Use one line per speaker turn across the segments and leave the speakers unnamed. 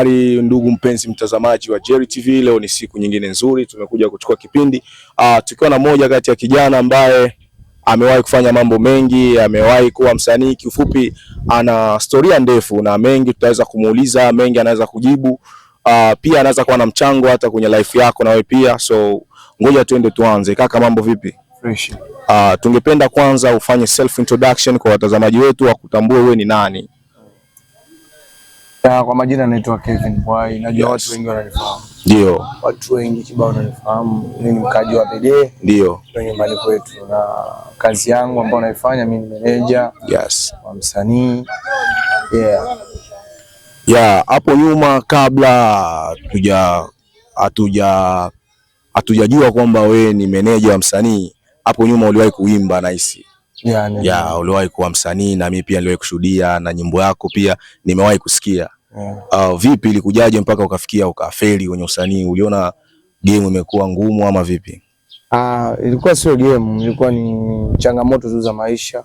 Habari ndugu mpenzi mtazamaji wa Jerry TV, leo ni siku nyingine nzuri, tumekuja kuchukua kipindi uh, tukiwa na moja kati ya kijana ambaye amewahi kufanya mambo mengi, amewahi kuwa msanii. Kiufupi, ana historia ndefu na mengi tutaweza kumuuliza, mengi anaweza kujibu. Uh, pia anaweza kuwa na mchango hata kwenye life yako na wewe pia. So ngoja tuende tuanze. Kaka, mambo vipi? Fresh. Uh, tungependa kwanza ufanye self introduction kwa watazamaji wetu, wakutambue wewe ni nani.
Na kwa majina naitwa Kevin Bwai, najua yes. watu wengi wananifahamu. Ndio. Watu wengi kibao wananifahamu. Mimi mkaji wa Pede. Ndio. Ndio nyumbani kwetu na kazi yangu ambayo naifanya mimi ni meneja. Yes. Wa msanii. Yeah.
Ya, Yeah, hapo nyuma kabla tuja hatuja hatujajua kwamba we ni meneja wa msanii, hapo nyuma uliwahi kuimba nahisi ya yeah, yeah, uliwahi kuwa msanii na mimi pia niliwahi kushuhudia na nyimbo yako pia nimewahi kusikia yeah. Eh. Uh, vipi ilikujaje mpaka ukafikia ukafeli kwenye usanii? Uliona game imekuwa ngumu ama vipi?
Uh, ilikuwa sio game, ilikuwa ni changamoto tu za maisha.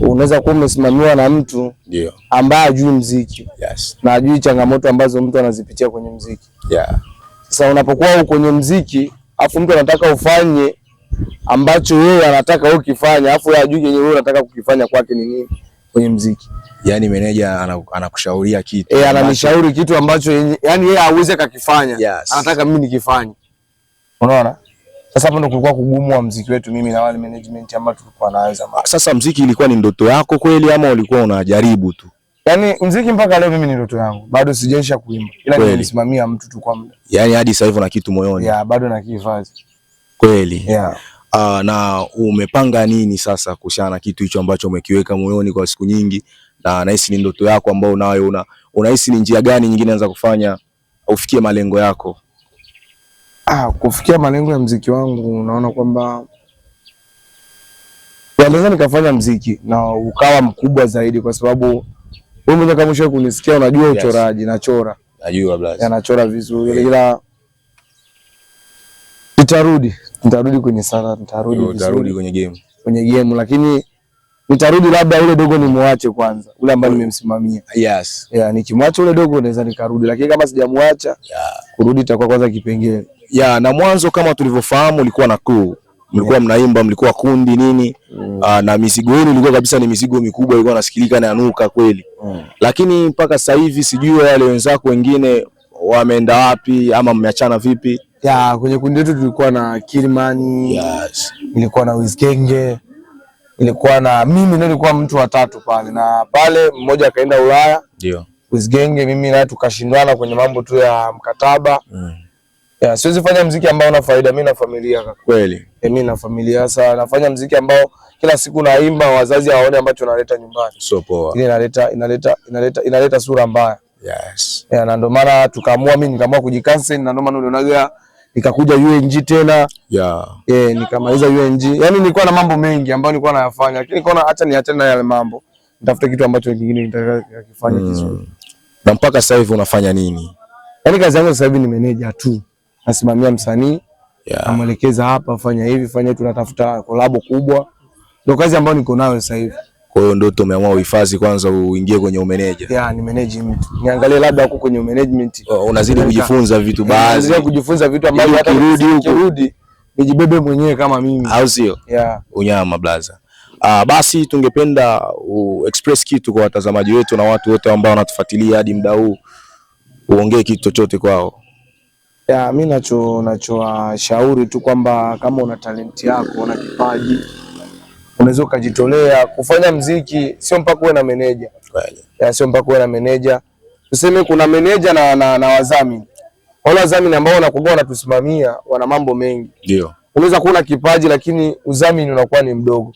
Unaweza kuwa umesimamiwa na mtu yeah. ambaye ajui mziki yes. na ajui changamoto ambazo mtu anazipitia kwenye mziki yeah. Sasa unapokuwa kwenye mziki afu mtu anataka ufanye ambacho wewe anataka ukifanya afu yeye ajui yenyewe wewe unataka kukifanya kwake ni nini kwenye mziki
yani meneja anakushauria kitu
eh, ananishauri kitu ambacho yani yeye hawezi kakifanya Yes. Anataka mimi nikifanye, unaona. Sasa hapo ndo kulikuwa kugumu wa mziki wetu mimi na wale management ambao tulikuwa naanza.
Sasa mziki ilikuwa ni ndoto yako kweli ama ulikuwa unajaribu tu?
Yani mziki mpaka leo mimi ni ndoto yangu. Bado sijaisha kuimba. Ila nimesimamia mtu tu kwa muda.
Yani hadi sasa hivi na kitu moyoni.
Yeah, bado na kihifadhi. Kweli. Yeah.
Uh, na umepanga nini sasa kuhusiana na kitu hicho ambacho umekiweka moyoni kwa siku nyingi na nahisi ni ndoto yako ambayo unayo una, unahisi ni njia gani nyingine naweza kufanya ufikie malengo yako?
Ah, kufikia malengo ya mziki wangu unaona kwamba naweza nikafanya mziki na ukawa mkubwa zaidi, kwa sababu wewe mwenyewe kama ushawahi kunisikia, unajua uchoraji yes. Nachora,
najua blaza,
nachora vizuri yeah. Ila nitarudi nitarudi kwenye sanaa, nitarudi kwenye game, kwenye game lakini nitarudi labda yule dogo nimwache kwanza, ule ambaye nimemsimamia. Yes. Yeah, nikimwacha ule dogo naweza nikarudi, lakini kama sijamwacha yeah, kurudi itakuwa kwanza kipengele.
Yeah, na mwanzo kama tulivyofahamu ulikuwa na crew. Mlikuwa yeah, mnaimba, mlikuwa kundi nini? Mm. Aa, ah, na mizigo yenu ilikuwa kabisa ni mizigo mikubwa ilikuwa nasikilika na yanuka kweli. Mm. Lakini mpaka sasa hivi sijui wale wenzako wengine wameenda wapi ama mmeachana vipi?
Ya, kwenye kundi letu tulikuwa na Kilimani, Yes. Nilikuwa na Wizkenge, ilikuwa na mimi ndio nilikuwa mtu wa tatu pale, na pale mmoja akaenda Ulaya ndio Wizgenge, mimi na tukashindana kwenye mambo tu ya mkataba mm. Yeah, siwezi fanya mziki ambao una faida mimi na familia kaka. Kweli. Eh, mimi na familia sasa nafanya mziki ambao kila siku naimba wazazi hawaone ambacho naleta nyumbani. Sio poa. Ile inaleta inaleta inaleta inaleta sura mbaya.
Yes.
Yeah, na ndio maana tukaamua mimi nikaamua kujikansel na ndio maana ulionaga nikakuja UNG tena yeah. E, nikamaliza UNG. Yani nilikuwa na mambo mengi ambayo nilikuwa nayafanya, lakini nikaona acha niachane na yale mambo, nitafute kitu ambacho kingine nitakifanya
mm. kizuri. Na mpaka sasa hivi unafanya nini?
Yani kazi yangu sasa hivi ni meneja tu, nasimamia msanii yeah. namwelekeza hapa, fanya hivi fanya hivi, tunatafuta kolabo kubwa, ndio kazi ambayo niko nayo sasa hivi.
Kwa hiyo ndio tumeamua uhifadhi kwanza, uingie kwenye umeneja.
Yeah, ni management. Niangalie labda huko kwenye management.
Oh, unazidi kujifunza vitu eh, baadhi.
Unazidi kujifunza vitu ambavyo
hata ukirudi huko
nijibebe mwenyewe kama mimi. Au sio? Yeah.
Unyama blaza. Uh, basi tungependa u express kitu kwa watazamaji wetu na watu wote ambao wanatufuatilia hadi muda huu. Uongee kitu chochote kwao.
Yeah, mimi nacho nachowashauri tu kwamba kama una talenti yako, una kipaji unaweza ukajitolea kufanya mziki, sio mpaka uwe na meneja, sio mpaka uwe na meneja. Tuseme kuna meneja na, na, na wadhamini wale wadhamini ambao wanakuwa wanatusimamia wana mambo mengi. Ndio. Unaweza kuwa na kipaji lakini udhamini unakuwa ni mdogo.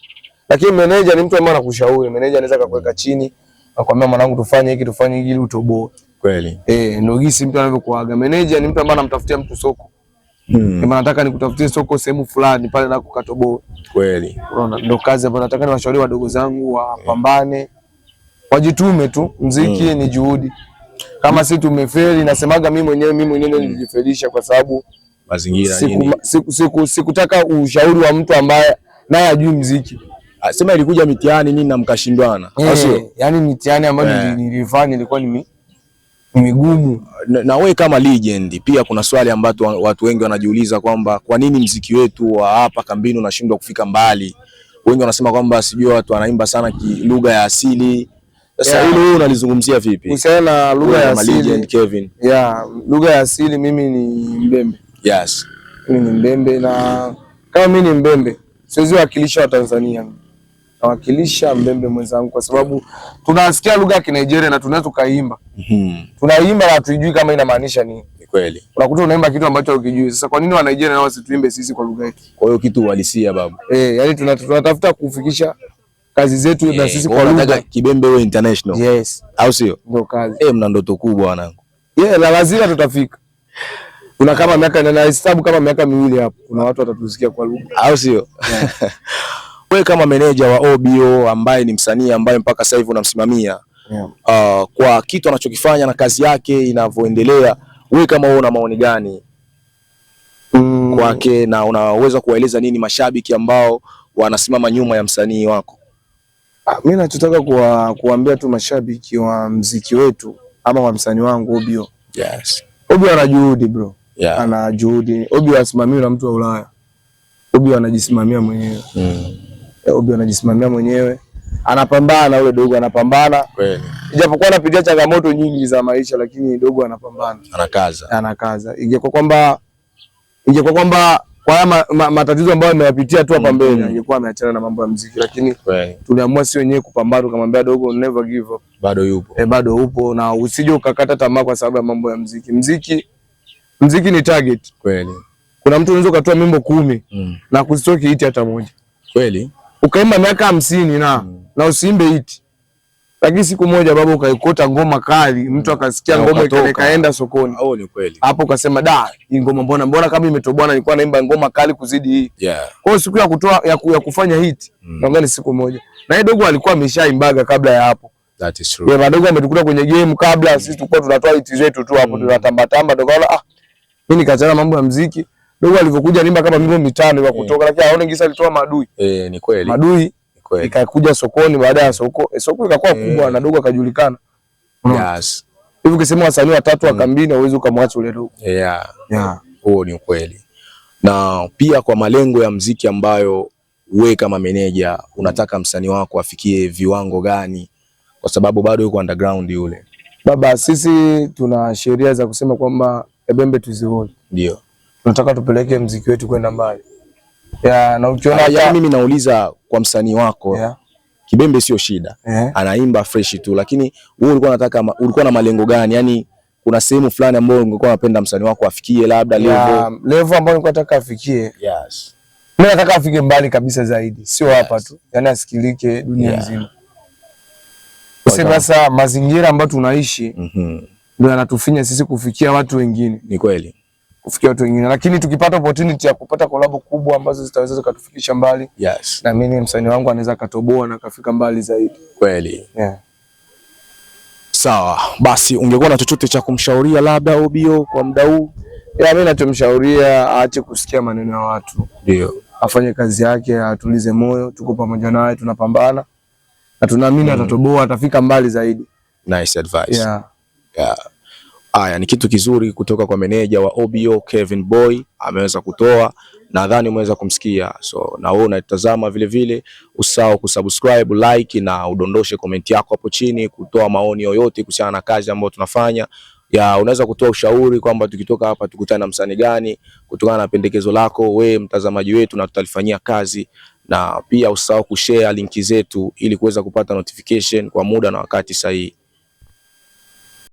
Lakini meneja ni mtu ambaye anakushauri. Meneja anaweza kukuweka chini akwambia, mwanangu, tufanye hiki tufanye hiki ili utoboe. Kweli. Eh, ndio gisi mtu anavyokuaga. Meneja ni mtu ambaye anamtafutia mtu soko. Hmm. Kama nataka nikutafutie soko sehemu fulani pale na kukatoboa. Kweli. Unaona ndio kazi ambayo nataka niwashauri wadogo zangu wapambane. Hmm. Wajitume tu, mziki hmm, ni juhudi. Kama si tumefeli, nasemaga mimi mwenyewe mimi mwenyewe hmm. nilijifelisha kwa sababu
mazingira siku,
siku, siku, sikutaka ushauri wa mtu ambaye naye ajui mziki.
Ah, sema ilikuja mitihani nini na mkashindwana.
Hey, eh, yaani mitihani ambayo hey, eh. nilifanya ilikuwa ni mimi migumu
na, na we kama legend pia, kuna swali ambalo watu wengi wanajiuliza kwamba kwa nini mziki wetu wa hapa kambini unashindwa kufika mbali. Wengi wanasema kwamba sijui watu wanaimba sana lugha ya asili. Sasa hilo wewe unalizungumzia vipi?
Usiana lugha ya asili
legend Kevin.
Yeah, lugha ya asili mimi ni Mbembe. Yes. Mimi ni Mbembe na kama mimi ni Mbembe siwezi wakilisha wa Tanzania. Nawakilisha Mbembe mwenzangu kwa sababu tunasikia lugha ya Kinigeria na tunaweza tukaimba Mm. Tunaimba na tuijui kama inamaanisha nini. Ni kweli. Unakuta unaimba kitu ambacho hukijui. Sasa kwa nini wa wanaijeria nao wasituimbe sisi kwa lugha yetu?
Kwa hiyo kitu uhalisia babu.
Eh, yani tunatafuta kufikisha kazi zetu na eh, sisi kwa lugha.
Kibembe wewe international. Yes. Au sio? Ndio kazi. Eh, mna ndoto kubwa wanangu.
Yeah, la lazima tutafika. Kuna kama miaka na hesabu kama miaka miwili hapo. Kuna watu watatusikia kwa lugha.
Au sio? Yeah. Wewe kama meneja wa OBO ambaye ni msanii ambaye mpaka sasa hivi unamsimamia yeah. Uh, kwa kitu anachokifanya na kazi yake inavyoendelea, wewe kama una maoni gani mm. kwake na unaweza kuwaeleza nini mashabiki ambao wanasimama nyuma ya msanii wako?
Ah, nachotaka kuwa, kuambia tu mashabiki wa mziki wetu ama wa msanii wangu Obio. Yes. Obio ana juhudi bro. Yeah. Ana juhudi. Obio asimamiwi na mtu wa Ulaya. Obio anajisimamia mwenyewe. Mm. Obio anajisimamia mwenyewe anapambana ule dogo anapambana kweli, ijapokuwa anapitia changamoto nyingi za maisha, lakini dogo anapambana, anakaza, anakaza. Ingekuwa kwamba ingekuwa kwamba kwa haya ma, ma, matatizo ambayo ameyapitia tu hapa mm-hmm. mbele mm -hmm. Angekuwa ameachana na mambo ya muziki, lakini tuliamua si wenyewe kupambana, tukamwambia dogo, never give up, bado yupo e, bado upo na usije ukakata tamaa kwa sababu ya mambo ya muziki. Muziki muziki ni target kweli. Kuna mtu unaweza ukatoa mimbo kumi mm. na kusitoki hiti hata moja kweli, ukaimba miaka hamsini na mm na usiimbe iti. Lakini siku moja baba ukaikota ngoma kali, mtu mm. akasikia ngoma ikaenda sokoni. Oh, ni kweli. Hapo ukasema da, hii ngoma mbona mbona kama imetobwana, nilikuwa naimba ngoma kali kuzidi hii. Yeah. Kwa hiyo siku ya kutoa ya, ku, ya kufanya hit, mm. Naongea siku moja. Na yeye dogo alikuwa ameshaimbaga kabla ya hapo. That is true. Yeye madogo ametukuta kwenye game kabla, mm. Sisi tulikuwa tunatoa hit zetu tu hapo, mm. Tunatamba tamba dogo ala ah, mimi nikachana mambo ya muziki. Dogo alivyokuja nimba kama mimbo mitano ya eh. kutoka, lakini aone ngisa alitoa madui.
Eh, ni kweli.
Madui ikakuja sokoni, baada ya soko eh, soko ikakuwa mm. kubwa na dogo akajulikana. Yes. Hivi ukisema wasanii watatu wa mm. kambini hauwezi ukamwacha ule dogo. Yeah. Yeah.
Huo ni ukweli. Na pia kwa malengo ya mziki ambayo we kama meneja unataka msanii wako afikie viwango gani? Kwa sababu bado yuko underground yule.
Baba, sisi tuna sheria za kusema kwamba ebembe tuzivunje. Ndio. Tunataka tupeleke mziki wetu kwenda mbali. Yeah, na ukiona
ya... mimi nauliza kwa msanii wako yeah. Kibembe sio shida yeah. Anaimba fresh tu, lakini wewe ulikuwa unataka ulikuwa na malengo gani? Yani kuna sehemu fulani ambayo ungekuwa unapenda msanii wako afikie, labda yeah, level
level ambayo ulikuwa nataka afikie. Yes. Mimi nataka afike mbali kabisa zaidi, sio hapa yes. tu yani asikilike dunia yeah. nzima. Sasa mazingira ambayo tunaishi mhm. ndio mm -hmm. yanatufinya sisi kufikia watu wengine. Ni kweli kufikia watu wengine, lakini tukipata opportunity ya kupata collab kubwa ambazo zitaweza zikatufikisha mbali yes. na mimi msanii wangu anaweza akatoboa na kafika mbali zaidi kweli yeah. Sawa basi, ungekuwa na chochote cha kumshauria labda Obio kwa muda huu? Yeah, mimi nachomshauria aache kusikia maneno ya watu, ndio afanye kazi yake, atulize moyo. Tuko pamoja naye, tunapambana na tunaamini mm. atatoboa, atafika mbali zaidi.
Nice advice.
Yeah. Yeah.
Haya ni kitu kizuri kutoka kwa meneja wa OBO Kevin Boy ameweza kutoa, nadhani umeweza kumsikia. So na wewe unatazama vile vile, usahau kusubscribe, like na udondoshe komenti yako hapo chini, kutoa maoni yoyote kuhusiana na kazi ambayo tunafanya ya unaweza kutoa ushauri kwamba tukitoka hapa tukutane na msanii gani, kutokana na pendekezo lako we mtazamaji wetu, na tutalifanyia kazi. Na pia usahau kushare linki zetu ili kuweza kupata notification kwa muda na wakati sahihi.